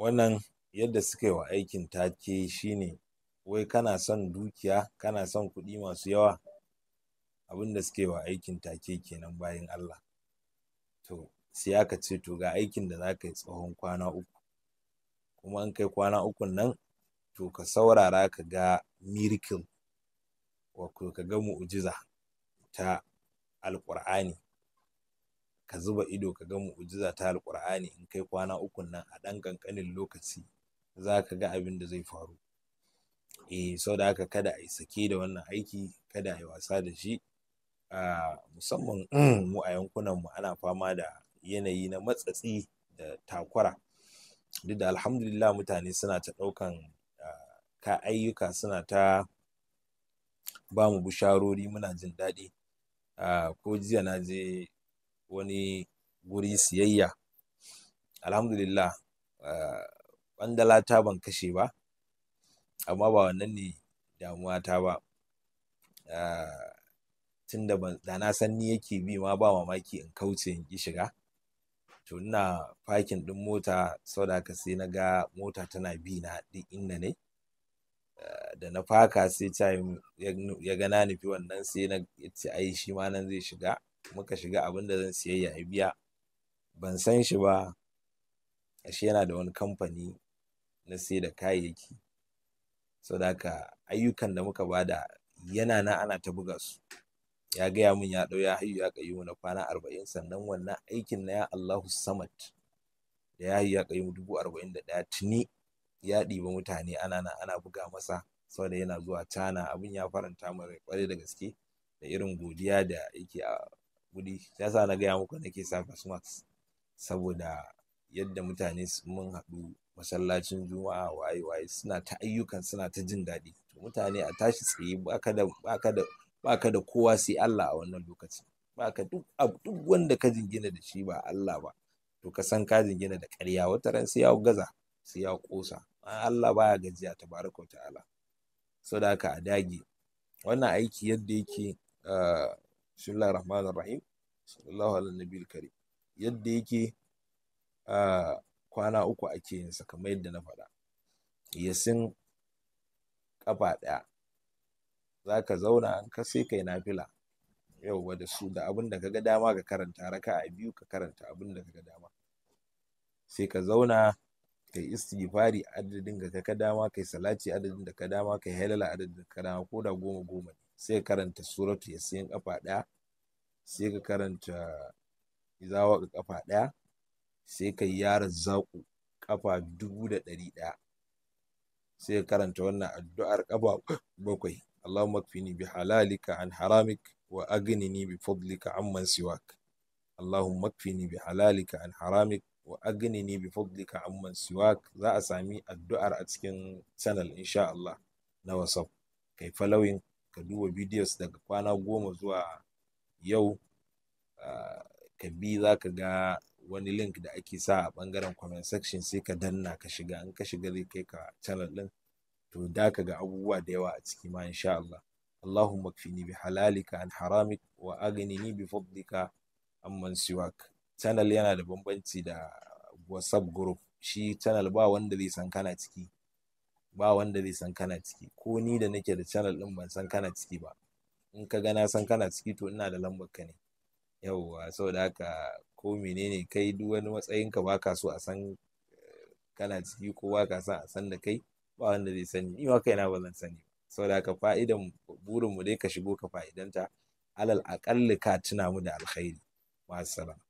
wannan yadda suka yi wa aikin take shine wai kana son dukiya kana son kuɗi masu yawa Abinda da suka wa aikin take kenan bayan Allah to sai aka ce to ga aikin da za ka yi tsawon kwana uku kuma in kai kwana ukun nan to ka saurara ka ga miracle wato ka ga mu'jiza ta alƙur'ani ka zuba ido ka ga mu'ujiza ta alƙur'ani in kai kwana ukun nan a ɗan ƙanƙanin lokaci za ka ga abin da zai faru eh sau da haka kada a yi sake da wannan aiki kada a yi wasa da shi a musamman mu a yankunan mu ana fama da yanayi na matsatsi da takwara duk da alhamdulillah mutane suna ta ɗaukan ka ayyuka suna ta ba mu bisharori muna jin daɗi ko jiya na je wani guri siyayya alhamdulillah ƙwandala ah, ta ban kashe ba amma ba wannan ne damuwa ta ba ah, tun da da na san ni yake bi ma ba mamaki in kauce in ki shiga to ina fakin ɗin mota saboda haka sai na ga mota tana bi na duk inda ne ah, da na faka sai ya ga na nufi wannan sai na ce ai shi ma nan zai shiga muka shiga abin da zan siya ya biya ban san shi ba ashe yana da wani kamfani na sai da kayayyaki sau da haka ayyukan da muka bada yana na ana ta buga su ya gaya min ya ɗau ya hayu ya mu na kwana arba'in sannan wannan aikin na ya Allahu Samad da ya hayu ya mu dubu arba'in da ɗaya tuni ya ɗiba mutane ana na ana buga masa saboda yana zuwa cana abin ya faranta mai kware da gaske da irin godiya da yake a wuri ya sa na gaya muku nake sa face mask saboda yadda mutane mun haɗu masallacin juma'a waye waye suna ta ayyukan suna ta jin daɗi to mutane a tashi tsaye baka da baka da baka da kowa sai Allah a wannan lokacin baka duk duk wanda ka jingina da shi ba Allah ba to ka san ka jingina da ƙarya wata ran sai ya gaza sai ya kosa Allah baya gajiya tabaraka ta'ala saboda haka a dage wannan aiki yadda yake ah, bismillahir rahim sallallahu karim yadda yake a kwana uku ake yin sa kamar yadda na faɗa yasin kafa ɗaya za ka zauna an ka sai kai nafila yauwa da su da abin da ka ga dama ka karanta raka a biyu ka karanta abin da kaga dama sai ka zauna kai istighfari adadin da ka dama kai salati adadin da ka dama kai halala adadin da ka dama ko da goma goma ne sai ka karanta suratu ya siyan kafa ɗaya sai ka karanta izawa kafa ɗaya sai ka yi yaron zaƙu kafa dubu da ɗari ɗaya sai ka karanta wannan addu'ar kafa bakwai Allahumma kfini bi halalika an haramik wa aghnini bi fadlika amman siwak Allahumma kfini bi halalika an haramik wa aghnini bi fadlika amman siwak za a sami addu'ar a cikin channel insha Allah na WhatsApp kai falawin ka duba videos daga kwana goma zuwa yau ka bi za ka ga wani link da ake sa a ɓangaren comment section sai ka danna ka shiga in ka shiga zai kai ka channel ɗin to da ka ga abubuwa da yawa a ciki ma insha Allah اللهم اكفني بحلالك عن حرامك واغنني بفضلك amman siwak channel yana da bambanci da whatsapp group shi channel ba wanda zai san kana ciki ba wanda zai san kana ciki ko ni da nake da channel din ban san kana ciki ba in ka ga na san kana ciki to ina da lambar ka ne yauwa saboda haka ko menene kai duk wani matsayin ka ka so a san eh, kana ciki ko ba ka san a san da kai ba wanda zai sani ni ma kaina ba zan sani ba saboda haka fa'idan burin mu dai ka shigo ka fa'idanta alal aƙalli ka tuna mu da alkhairi ma'assalam